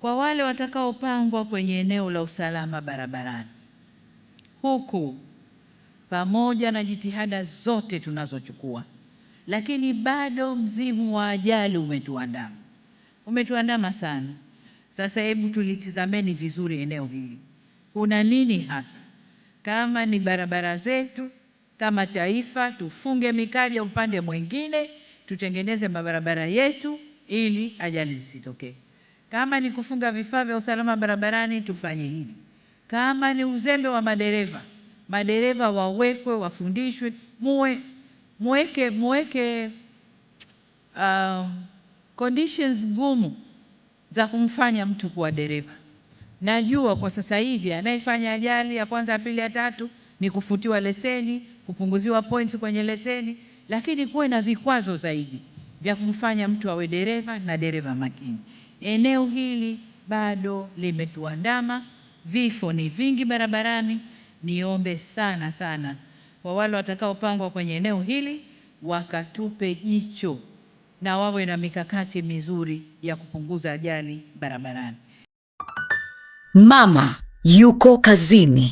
kwa wale watakaopangwa kwenye eneo la usalama barabarani. Huku pamoja na jitihada zote tunazochukua, lakini bado mzimu wa ajali umetuandama, umetuandama sana. Sasa hebu tulitizameni vizuri eneo hili, kuna nini hasa? Kama ni barabara zetu, kama taifa tufunge mikaja upande mwingine, tutengeneze mabarabara yetu ili ajali zisitokee. Kama ni kufunga vifaa vya usalama barabarani tufanye hili. Kama ni uzembe wa madereva, madereva wawekwe, wafundishwe, muwe muweke muweke uh, conditions ngumu za kumfanya mtu kuwa dereva. Najua kwa sasa hivi anayefanya ajali ya kwanza, ya pili, ya tatu ni kufutiwa leseni, kupunguziwa points kwenye leseni, lakini kuwe na vikwazo zaidi vya kumfanya mtu awe dereva na dereva makini. Eneo hili bado limetuandama, vifo ni vingi barabarani. Niombe sana sana kwa wale watakaopangwa kwenye eneo hili wakatupe jicho na wawe na mikakati mizuri ya kupunguza ajali barabarani. Mama yuko kazini.